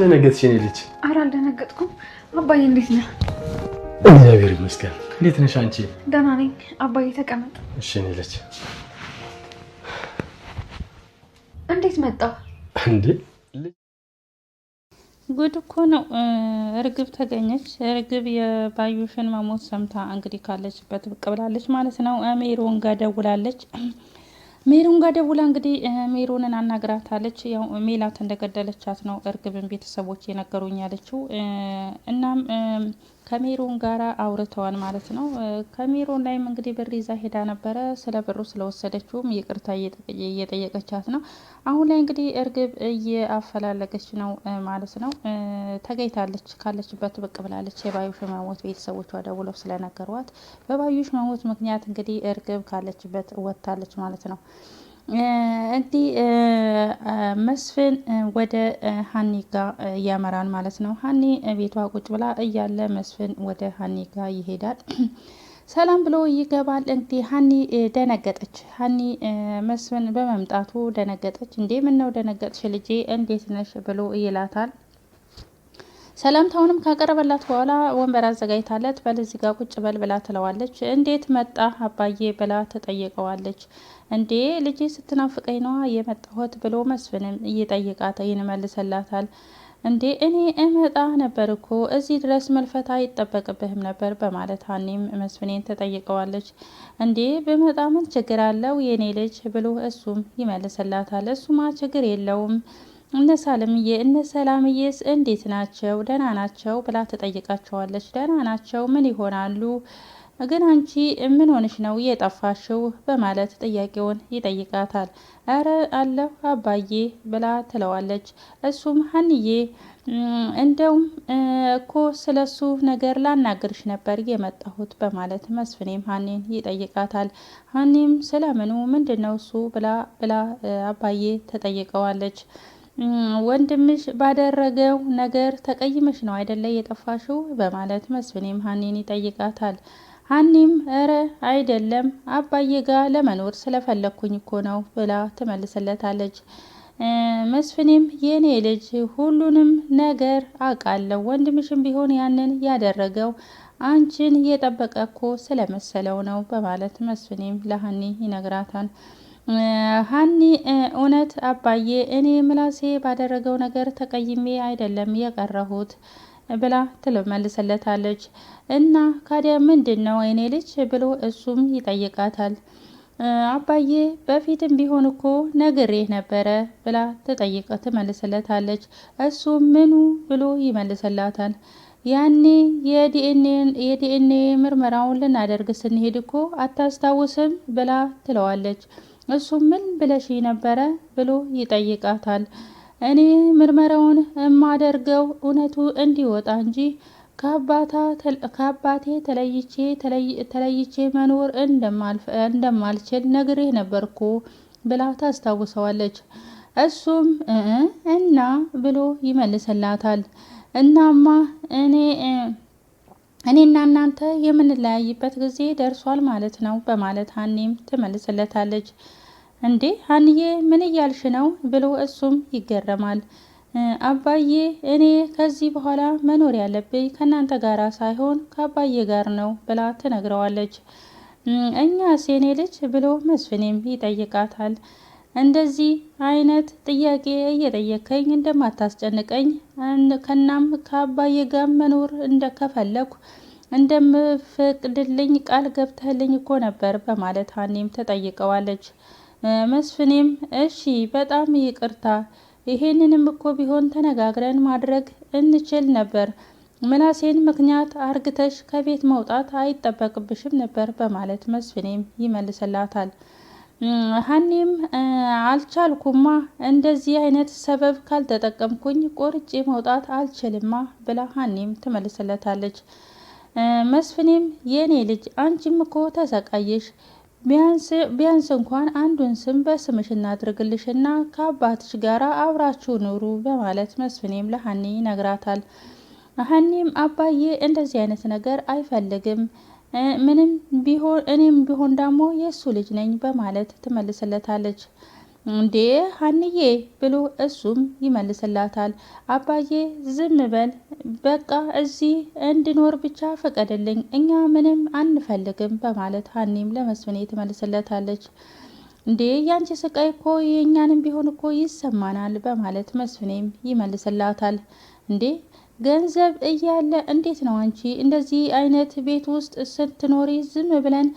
ደነገጥሽ የኔ ልጅ? ኧረ አልደነገጥኩም። አባዬ እንዴት ነህ? እግዚአብሔር ይመስገን። እንዴት ነሽ አንቺ? ደህና ነኝ አባዬ። ተቀመጥ። እሺ የኔ ልጅ። እንዴት መጣ እንዴ? ጉድ እኮ ነው። እርግብ ተገኘች። እርግብ የባዩሽን መሞት ሰምታ እንግዲህ ካለችበት ብቅ ብላለች ማለት ነው። ሜሮን ጋር ደውላለች። ሜሮን ጋር ደውላ እንግዲህ ሜሮንን አናግራታለች። ያው ሜላት እንደገደለቻት ነው እርግብን ቤተሰቦች የነገሩኝ ያለችው እናም ከሜሮን ጋር አውርተዋል ማለት ነው። ከሜሮን ላይም እንግዲህ ብር ይዛ ሄዳ ነበረ። ስለ ብሩ ስለወሰደችውም ይቅርታ እየጠየቀቻት ነው። አሁን ላይ እንግዲህ እርግብ እየአፈላለገች ነው ማለት ነው። ተገኝታለች፣ ካለችበት ብቅ ብላለች። የባዩሽ መሞት ቤተሰቦቿ ደውለው ስለነገሯት በባዩሽ መሞት ምክንያት እንግዲህ እርግብ ካለችበት ወጥታለች ማለት ነው። እንዲህ መስፍን ወደ ሀኒ ጋ ያመራል ማለት ነው። ሀኒ ቤቷ ቁጭ ብላ እያለ መስፍን ወደ ሀኒ ጋ ይሄዳል። ሰላም ብሎ ይገባል። እንግዲህ ሀኒ ደነገጠች። ሀኒ መስፍን በመምጣቱ ደነገጠች። እንዴ ምን ነው ደነገጥሽ ልጄ፣ እንዴት ነሽ ብሎ ይላታል። ሰላምታውንም ካቀረበላት በኋላ ወንበር አዘጋጅታለት በል እዚህ ቁጭ በል ብላ ትለዋለች። እንዴት መጣ አባዬ ብላ ትጠይቀዋለች። እንዴ ልጄ ስትናፍቀኝ ነዋ የመጣሁት ብሎ መስፍንም እየጠየቃት ይንመልሰላታል። እንዴ እኔ እመጣ ነበር እኮ እዚህ ድረስ መልፈታ አይጠበቅብህም ነበር በማለት ሀኒም መስፍኔን ተጠይቀዋለች። እንዴ ብመጣ ምን ችግር አለው የእኔ ልጅ ብሎ እሱም ይመልስላታል። እሱማ ችግር የለውም እነ እነሰላምዬስ እነ ሰላምዬስ እንዴት ናቸው? ደህና ናቸው ብላ ትጠይቃቸዋለች። ደህና ናቸው ምን ይሆናሉ ግን አንቺ ምን ሆንሽ ነው የጠፋሽው? በማለት ጥያቄውን ይጠይቃታል። አረ አለሁ አባዬ ብላ ትለዋለች። እሱም ሀንዬ እንደውም እኮ ስለሱ ነገር ላናግርሽ ነበር የመጣሁት በማለት መስፍኔም ሀኔን ይጠይቃታል። ሀኔም ስለምኑ ምንድን ነው እሱ ብላ ብላ አባዬ ተጠይቀዋለች። ወንድምሽ ባደረገው ነገር ተቀይመሽ ነው አይደለ የጠፋሽው? በማለት መስፍኔም ሀኒን ይጠይቃታል። ሀኒም እረ አይደለም አባዬ ለመኖር ስለፈለግኩኝ እኮ ነው ብላ ትመልስለታለች። መስፍኔም የኔ ልጅ ሁሉንም ነገር አውቃለሁ፣ ወንድምሽም ቢሆን ያንን ያደረገው አንቺን የጠበቀ እኮ ስለመሰለው ነው በማለት መስፍኔም ለሀኒ ይነግራታል። ሀኒ እውነት አባዬ እኔ ምላሴ ባደረገው ነገር ተቀይሜ አይደለም የቀረሁት ብላ ትመልስለታለች። እና ካዲያ ምንድን ነው እኔ ልጅ ብሎ እሱም ይጠይቃታል። አባዬ በፊትም ቢሆን እኮ ነግሬህ ነበረ ብላ ትጠይቅ ትመልስለታለች። እሱ ምኑ ብሎ ይመልስላታል። ያኔ የዲኤንኤ ምርመራውን ልናደርግ ስንሄድ እኮ አታስታውስም ብላ ትለዋለች። እሱም ምን ብለሽ ነበረ ብሎ ይጠይቃታል። እኔ ምርመራውን የማደርገው እውነቱ እንዲወጣ እንጂ ከአባቴ ተለይቼ ተለይቼ መኖር እንደማልችል ነግሬህ ነበርኩ ብላ ታስታውሰዋለች። እሱም እና ብሎ ይመልስላታል። እናማ እኔ እኔና እናንተ የምንለያይበት ጊዜ ደርሷል ማለት ነው በማለት ሀኒም ትመልስለታለች። እንዴ ሀኒዬ ምን እያልሽ ነው ብሎ እሱም ይገረማል። አባዬ እኔ ከዚህ በኋላ መኖር ያለብኝ ከእናንተ ጋር ሳይሆን ከአባዬ ጋር ነው ብላ ትነግረዋለች። እኛ ሴኔ ልጅ ብሎ መስፍኔም ይጠይቃታል። እንደዚህ አይነት ጥያቄ እየጠየከኝ እንደማታስጨንቀኝ ከናም ከአባዬ ጋር መኖር እንደከፈለኩ እንደምፈቅድልኝ ቃል ገብተህልኝ እኮ ነበር በማለት ሀኔም ተጠይቀዋለች። መስፍኔም እሺ በጣም ይቅርታ፣ ይሄንንም እኮ ቢሆን ተነጋግረን ማድረግ እንችል ነበር፣ ምናሴን ምክንያት አርግተሽ ከቤት መውጣት አይጠበቅብሽም ነበር በማለት መስፍኔም ይመልስላታል። ሀኒም አልቻልኩማ እንደዚህ አይነት ሰበብ ካልተጠቀምኩኝ ቆርጬ መውጣት አልችልማ ብላ ሀኒም ትመልስለታለች። መስፍኔም የኔ ልጅ አንቺም እኮ ተሰቃየሽ፣ ቢያንስ እንኳን አንዱን ስም በስምሽ እናድርግልሽና ከአባትሽ ጋር አብራችሁ ኑሩ በማለት መስፍኔም ለሀኒ ይነግራታል። ሀኒም አባዬ እንደዚህ አይነት ነገር አይፈልግም ምንም ቢሆን እኔም ቢሆን ደግሞ የእሱ ልጅ ነኝ በማለት ትመልስለታለች። እንዴ ሀንዬ ብሎ እሱም ይመልስላታል። አባዬ ዝም በል በቃ እዚህ እንድኖር ብቻ ፈቀድልኝ፣ እኛ ምንም አንፈልግም በማለት ሀኒም ለመስፍኔ ትመልስለታለች። እንዴ ያንቺ ስቃይ እኮ የእኛንም ቢሆን እኮ ይሰማናል በማለት መስፍኔም ይመልስላታል። እንዴ ገንዘብ እያለ እንዴት ነው አንቺ እንደዚህ አይነት ቤት ውስጥ ስትኖሪ ዝም ብለን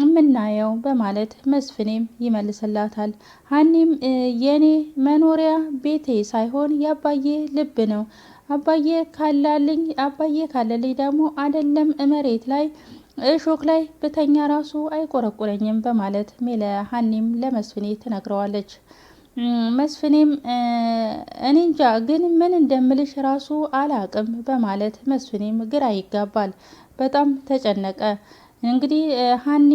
የምናየው በማለት መስፍኔም ይመልስላታል። ሀኒም የኔ መኖሪያ ቤቴ ሳይሆን የአባዬ ልብ ነው። አባዬ ካላልኝ አባዬ ካለልኝ ደግሞ አይደለም መሬት ላይ እሾክ ላይ ብተኛ ራሱ አይቆረቁረኝም በማለት ሜለ ሀኒም ለመስፍኔ ትነግረዋለች። መስፍኔም እኔ እንጃ ግን ምን እንደምልሽ ራሱ አላቅም በማለት መስፍኔም ግራ ይጋባል። በጣም ተጨነቀ። እንግዲህ ሀኒ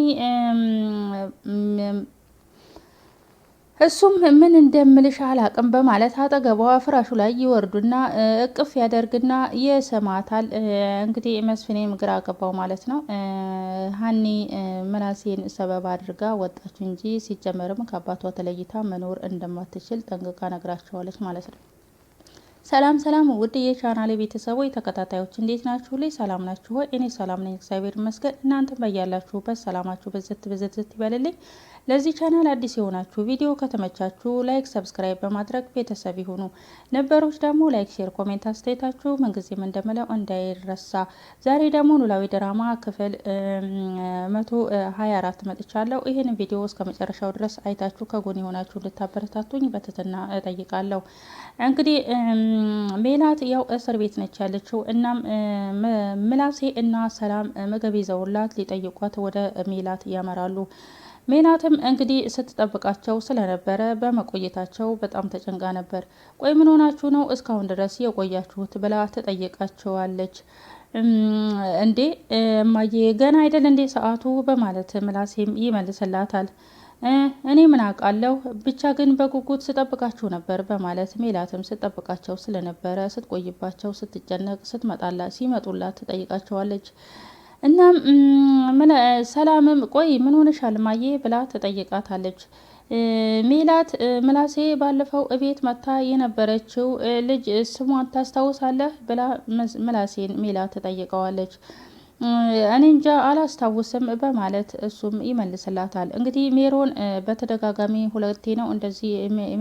እሱም ምን እንደምልሽ አላቅም በማለት አጠገቧ ፍራሹ ላይ ይወርዱና እቅፍ ያደርግና የሰማታል። እንግዲህ መስፍኔም ግራ ገባው ማለት ነው። ሀኒ ምላሴን ሰበብ አድርጋ ወጣች እንጂ ሲጀመርም ከአባቷ ተለይታ መኖር እንደማትችል ጠንቅቃ ነግራቸዋለች ማለት ነው። ሰላም ሰላም ውድ የቻናል ቤተሰቦች ተከታታዮች እንዴት ናችሁ? ላይ ሰላም ናችሁ ሆይ? እኔ ሰላም ነኝ እግዚአብሔር ይመስገን። እናንተም በያላችሁበት ሰላማችሁ በዘት በዘት ይበልልኝ። ለዚህ ቻናል አዲስ የሆናችሁ ቪዲዮ ከተመቻችሁ ላይክ፣ ሰብስክራይብ በማድረግ ቤተሰብ ይሁኑ። ነበሮች ደግሞ ላይክ፣ ሼር፣ ኮሜንት አስተያየታችሁ ምንጊዜም እንደምለው እንዳይረሳ። ዛሬ ደግሞ ኖላዊ ድራማ ክፍል መቶ ሀያ አራት መጥቻለሁ። ይህን ቪዲዮ እስከ መጨረሻው ድረስ አይታችሁ ከጎን የሆናችሁ እንድታበረታቱኝ በትህትና እጠይቃለሁ። እንግዲህ ሜላት ያው እስር ቤት ነች ያለችው። እናም ምላሴ እና ሰላም ምግብ ይዘውላት ሊጠይቋት ወደ ሜላት ያመራሉ። ሜላትም እንግዲህ ስትጠብቃቸው ስለነበረ በመቆየታቸው በጣም ተጨንቃ ነበር። ቆይ ምን ሆናችሁ ነው እስካሁን ድረስ የቆያችሁት ብላ ትጠይቃቸዋለች። እንዴ እማዬ ገና አይደል እንዴ ሰዓቱ በማለት ምላሴም ይመልስላታል። እኔ ምን አውቃለሁ ብቻ ግን በጉጉት ስጠብቃችሁ ነበር በማለት ሜላትም ስጠብቃቸው ስለነበረ ስትቆይባቸው፣ ስትጨነቅ ስትመጣላት ሲመጡላት ትጠይቃቸዋለች። እናም ሰላምም ቆይ ምን ሆነሻል ማዬ ብላ ትጠይቃታለች። ሜላት ምላሴ ባለፈው እቤት መታ የነበረችው ልጅ ስሟን ታስታውሳለህ ብላ ምላሴን ሜላት ትጠይቀዋለች። እኔ እንጃ አላስታውስም በማለት እሱም ይመልስላታል። እንግዲህ ሜሮን በተደጋጋሚ ሁለቴ ነው እንደዚህ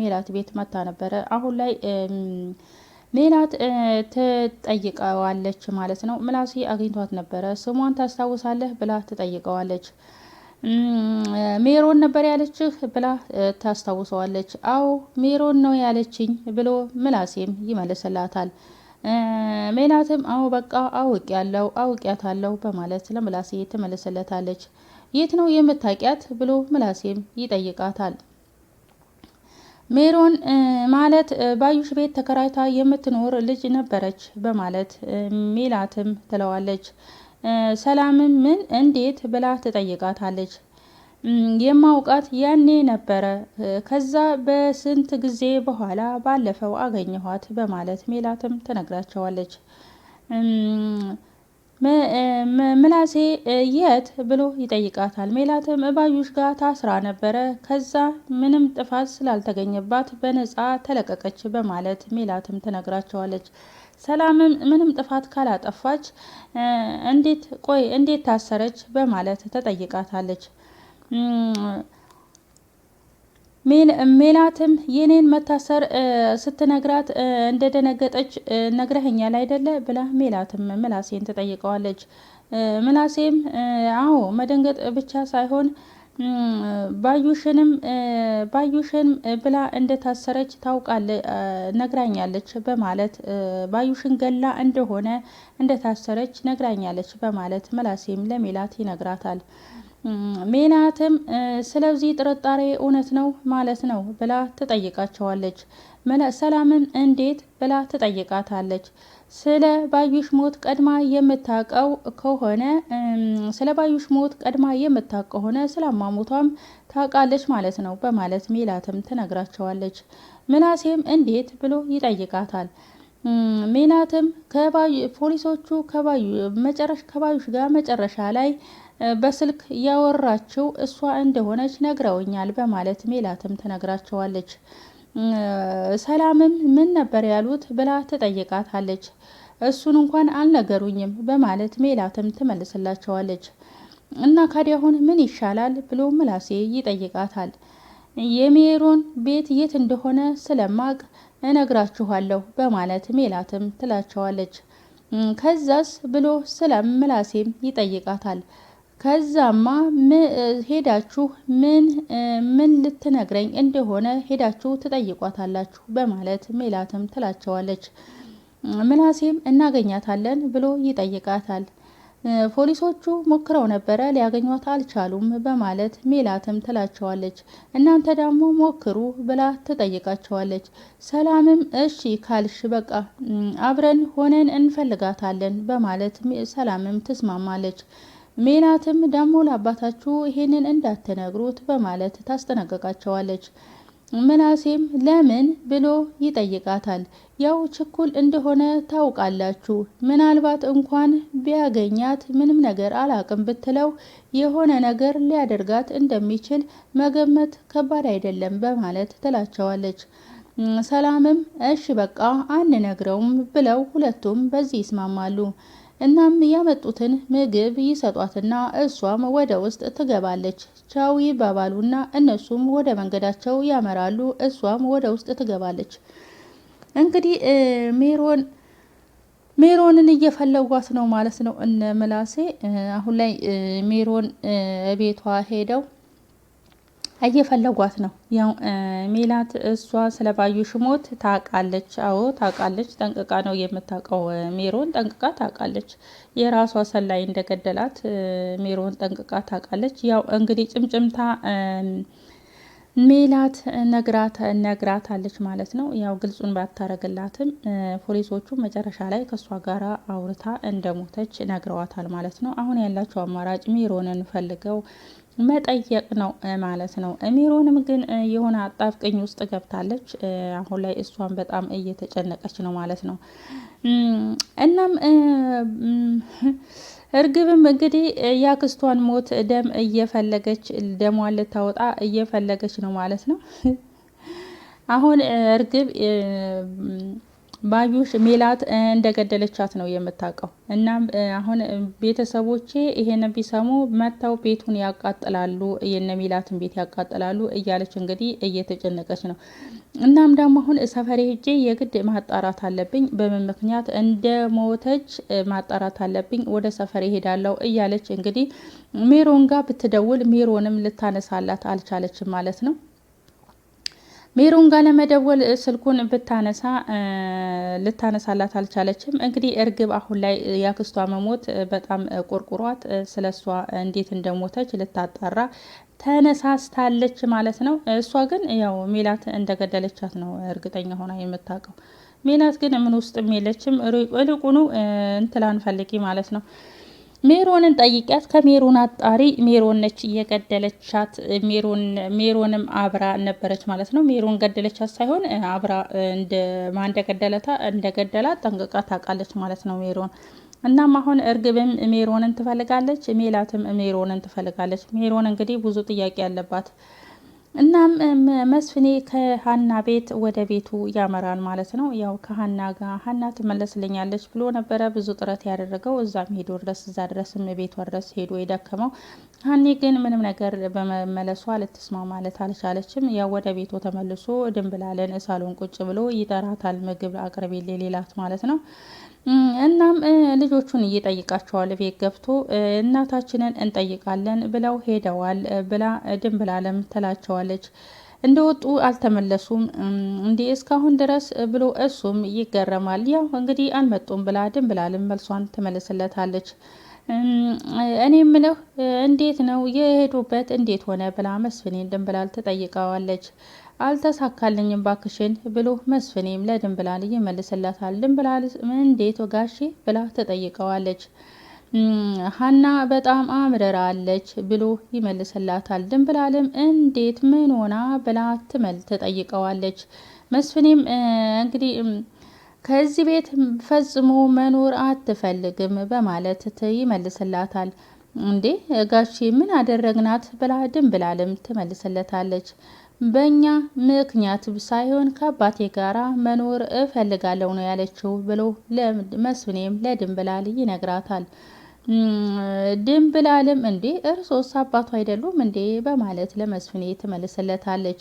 ሜላት ቤት መታ ነበረ። አሁን ላይ ሜላት ትጠይቀዋለች ማለት ነው። ምላሴ አግኝቷት ነበረ። ስሟን ታስታውሳለህ ብላ ትጠይቀዋለች። ሜሮን ነበር ያለችህ ብላ ታስታውሰዋለች። አዎ ሜሮን ነው ያለችኝ ብሎ ምላሴም ይመልስላታል። ሜላትም አዎ በቃ አውቅ ያለው አውቅያት አለው በማለት ለምላሴ ትመልስለታለች። የት ነው የምታውቂያት ብሎ ምላሴም ይጠይቃታል። ሜሮን ማለት ባዩሽ ቤት ተከራይታ የምትኖር ልጅ ነበረች በማለት ሜላትም ትለዋለች። ሰላምም ምን እንዴት ብላ ትጠይቃታለች። የማውቃት ያኔ ነበረ። ከዛ በስንት ጊዜ በኋላ ባለፈው አገኘኋት በማለት ሜላትም ትነግራቸዋለች። ምላሴ የት ብሎ ይጠይቃታል። ሜላትም እባዩሽ ጋር ታስራ ነበረ፣ ከዛ ምንም ጥፋት ስላልተገኘባት በነፃ ተለቀቀች በማለት ሜላትም ትነግራቸዋለች። ሰላምም ምንም ጥፋት ካላጠፋች እንዴት ቆይ እንዴት ታሰረች በማለት ተጠይቃታለች። ሜላትም የኔን መታሰር ስትነግራት እንደደነገጠች ነግረህኛል አይደለ ብላ ሜላትም ምላሴን ትጠይቀዋለች። ምላሴም አዎ መደንገጥ ብቻ ሳይሆን ባዩሽንም ባዩሽን ብላ እንደታሰረች ታውቃለ ነግራኛለች በማለት ባዩሽን ገላ እንደሆነ እንደታሰረች ነግራኛለች በማለት ምላሴም ለሜላት ይነግራታል። ሜናትም ስለዚህ ጥርጣሬ እውነት ነው ማለት ነው ብላ ትጠይቃቸዋለች። ሰላምን እንዴት ብላ ትጠይቃታለች። ስለ ባዩሽ ሞት ቀድማ የምታውቀው ከሆነ ስለ ባዩሽ ሞት ቀድማ የምታውቅ ከሆነ ስለ አሟሟቷም ታውቃለች ማለት ነው በማለት ሜላትም ትነግራቸዋለች። ምናሴም እንዴት ብሎ ይጠይቃታል። ሜናትም ፖሊሶቹ መጨረሻ ከባዩሽ ጋር መጨረሻ ላይ በስልክ ያወራችው እሷ እንደሆነች ነግረውኛል በማለት ሜላትም ትነግራቸዋለች። ሰላምም ምን ነበር ያሉት ብላ ትጠይቃታለች። እሱን እንኳን አልነገሩኝም በማለት ሜላትም ትመልስላቸዋለች። እና ካዲያሁን ምን ይሻላል ብሎ ምላሴ ይጠይቃታል። የሜሮን ቤት የት እንደሆነ ስለማቅ እነግራችኋለሁ በማለት ሜላትም ትላቸዋለች። ከዛስ ብሎ ስለምላሴም ምላሴም ይጠይቃታል። ከዛማ ሄዳችሁ ምን ምን ልትነግረኝ እንደሆነ ሄዳችሁ ትጠይቋታላችሁ በማለት ሜላትም ትላቸዋለች። ምናሴም እናገኛታለን ብሎ ይጠይቃታል። ፖሊሶቹ ሞክረው ነበረ ሊያገኟት አልቻሉም በማለት ሜላትም ትላቸዋለች። እናንተ ደግሞ ሞክሩ ብላ ትጠይቃቸዋለች። ሰላምም እሺ ካልሽ በቃ አብረን ሆነን እንፈልጋታለን በማለት ሰላምም ትስማማለች። ሜላትም ደግሞ ለአባታችሁ ይሄንን እንዳትነግሩት በማለት ታስጠነቀቃቸዋለች። ምናሴም ለምን ብሎ ይጠይቃታል። ያው ችኩል እንደሆነ ታውቃላችሁ። ምናልባት እንኳን ቢያገኛት ምንም ነገር አላቅም ብትለው የሆነ ነገር ሊያደርጋት እንደሚችል መገመት ከባድ አይደለም በማለት ትላቸዋለች። ሰላምም እሺ በቃ አንነግረውም ብለው ሁለቱም በዚህ ይስማማሉ። እናም ያመጡትን ምግብ ይሰጧትና እሷም ወደ ውስጥ ትገባለች። ቻው ይባባሉና እነሱም ወደ መንገዳቸው ያመራሉ። እሷም ወደ ውስጥ ትገባለች። እንግዲህ ሜሮን ሜሮንን እየፈለጓት ነው ማለት ነው እነ ምላሴ። አሁን ላይ ሜሮን ቤቷ ሄደው እየፈለጓት ነው ሜላት። እሷ ስለ ባዩሽ ሞት ታውቃለች። አዎ ታውቃለች፣ ጠንቅቃ ነው የምታውቀው። ሜሮን ጠንቅቃ ታውቃለች። የራሷ ሰላይ እንደገደላት ሜሮን ጠንቅቃ ታውቃለች። ያው እንግዲህ ጭምጭምታ ሜላት ነግራታለች ማለት ነው። ያው ግልጹን ባታረግላትም ፖሊሶቹ መጨረሻ ላይ ከእሷ ጋር አውርታ እንደሞተች ነግረዋታል ማለት ነው። አሁን ያላቸው አማራጭ ሜሮንን ፈልገው መጠየቅ ነው ማለት ነው። ሜሮንም ግን የሆነ አጣብቀኝ ውስጥ ገብታለች። አሁን ላይ እሷን በጣም እየተጨነቀች ነው ማለት ነው። እናም እርግብም እንግዲህ የአክስቷን ሞት ደም እየፈለገች ደሟን ልታወጣ እየፈለገች ነው ማለት ነው። አሁን እርግብ ባዩሽ ሜላት እንደገደለቻት ነው የምታውቀው። እናም አሁን ቤተሰቦቼ ይሄንን ቢሰሙ መጥተው ቤቱን ያቃጥላሉ፣ የነ ሜላትን ቤት ያቃጥላሉ እያለች እንግዲህ እየተጨነቀች ነው። እናም ደግሞ አሁን ሰፈሬ ሄጄ የግድ ማጣራት አለብኝ፣ በምን ምክንያት እንደ ሞተች ማጣራት አለብኝ፣ ወደ ሰፈሬ ሄዳለው እያለች እንግዲህ ሜሮን ጋር ብትደውል ሜሮንም ልታነሳላት አልቻለችም ማለት ነው። ሜሮን ጋር ለመደወል ስልኩን ብታነሳ ልታነሳላት አልቻለችም። እንግዲህ እርግብ አሁን ላይ ያክስቷ መሞት በጣም ቆርቁሯት ስለሷ እንዴት እንደሞተች ልታጣራ ተነሳስታለች ማለት ነው። እሷ ግን ያው ሜላት እንደገደለቻት ነው እርግጠኛ ሆና የምታውቀው። ሜላት ግን ምን ውስጥም የለችም። ይልቁኑ እንትላን ፈልጊ ማለት ነው ሜሮንን ጠይቂያት፣ ከሜሮን አጣሪ ሜሮን ነች እየገደለቻት። ሜሮንም አብራ ነበረች ማለት ነው። ሜሮን ገደለቻት ሳይሆን አብራ ማን እንደገደለታ እንደገደላት ጠንቅቃ ታውቃለች ማለት ነው ሜሮን እናም አሁን እርግብም ሜሮንን ትፈልጋለች፣ ሜላትም ሜሮንን ትፈልጋለች። ሜሮን እንግዲህ ብዙ ጥያቄ ያለባት እናም መስፍኔ ከሀና ቤት ወደ ቤቱ ያመራል ማለት ነው። ያው ከሀና ጋር ሀና ትመለስልኛለች ብሎ ነበረ ብዙ ጥረት ያደረገው እዛም ሄዶ ድረስ እዛ ድረስም ቤቷ ድረስ ሄዶ የደከመው ሀኔ ግን ምንም ነገር በመመለሷ ልትስማ ማለት አልቻለችም። ያው ወደ ቤቱ ተመልሶ ድንብላለን ሳሎን ቁጭ ብሎ ይጠራታል። ምግብ አቅርቤ ሌላት ማለት ነው እናም ልጆቹን እየጠይቃቸዋል ቤት ገብቶ እናታችንን እንጠይቃለን ብለው ሄደዋል ብላ ድንብላለም ትላቸዋለች። እንደወጡ አልተመለሱም እንዲህ እስካሁን ድረስ ብሎ እሱም ይገረማል። ያው እንግዲህ አልመጡም ብላ ድንብላልም መልሷን ትመልስለታለች። እኔ ምለህ እንዴት ነው የሄዱበት እንዴት ሆነ ብላ መስፍኔ ድንብላል ትጠይቀዋለች። አልተሳካልኝም ባክሽን ብሎ መስፍኔም ለድንብላል ይመልስላታል። ድንብላል እንዴት ጋሼ ብላ ትጠይቀዋለች። ሀና በጣም አምርራለች ብሎ ይመልስላታል። ድንብላልም እንዴት ምን ሆና ብላ ትመል ትጠይቀዋለች። መስፍኔም እንግዲህ ከዚህ ቤት ፈጽሞ መኖር አትፈልግም በማለት ይመልስላታል። እንዴ ጋሼ ምን አደረግናት ብላ ድንብላልም ትመልስለታለች። በእኛ ምክንያት ሳይሆን ከአባቴ ጋር መኖር እፈልጋለሁ ነው ያለችው ብሎ ለመስፍኔም ለድንብላል ይነግራታል። ድንብላልም እንዴ እርሶስ አባቱ አይደሉም እንዴ በማለት ለመስፍኔ ትመልስለታለች።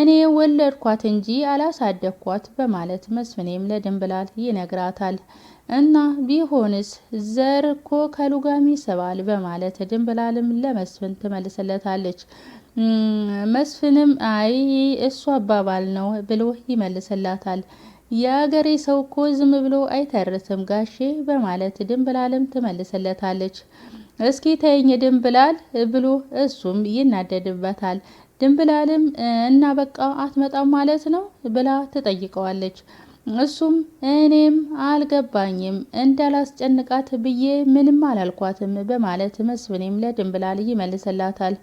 እኔ ወለድኳት እንጂ አላሳደግኳት በማለት መስፍኔም ለድንብላል ይነግራታል። እና ቢሆንስ ዘር እኮ ከሉጋሚ ስባል በማለት ድንብላልም ለመስፍን ትመልስለታለች። መስፍንም አይ እሱ አባባል ነው ብሎ ይመልስላታል። የአገሬ ሰው እኮ ዝም ብሎ አይተርስም ጋሼ በማለት ድንብላልም ትመልስለታለች። እስኪ ተይኝ ድንብላል ብሎ እሱም ይናደድበታል። ድንብላልም እና በቃ አትመጣም ማለት ነው ብላ ትጠይቀዋለች። እሱም እኔም አልገባኝም እንዳላስጨንቃት ብዬ ምንም አላልኳትም በማለት መስፍኔም ለድንብላል ይመልስላታል።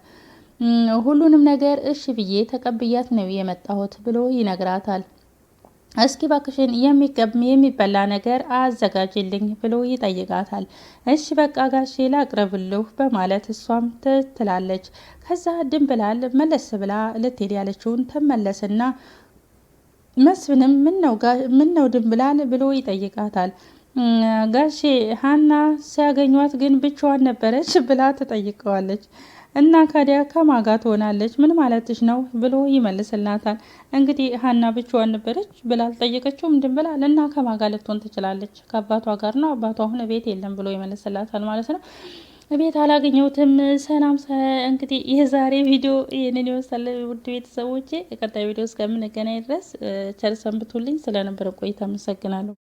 ሁሉንም ነገር እሺ ብዬ ተቀብያት ነው የመጣሁት ብሎ ይነግራታል። እስኪ ባክሽን የሚቀብም የሚበላ ነገር አዘጋጅልኝ ብሎ ይጠይቃታል። እሺ በቃ ጋሼ ላቅርብልሁ በማለት እሷም ትትላለች። ከዛ ድንብላል መለስ ብላ ልትሄድ ያለችውን ትመለስና መስፍንም ምነው ድንብላል ብሎ ይጠይቃታል። ጋሼ ሀና ሲያገኟት ግን ብቻዋን ነበረች ብላ ትጠይቀዋለች። እና ካዲያ ከማጋ ትሆናለች ምን ማለትሽ ነው ብሎ ይመልስላታል። እንግዲህ ሀና ብቻዋን ነበረች ብላ አልጠየቀችውም እንድን ብላል እና ከማጋ ልትሆን ትችላለች ከአባቷ ጋር ነው አባቷ አሁን ቤት የለም ብሎ ይመልስላታል ማለት ነው። ቤት አላገኘሁትም። ሰላም እንግዲህ የዛሬ ቪዲዮ ይህንን ይወሳለ። ውድ ቤተሰቦቼ ቀጣይ ቪዲዮ እስከምንገናኝ ድረስ ቸር ሰንብቱልኝ። ስለነበረ ቆይታ አመሰግናለሁ።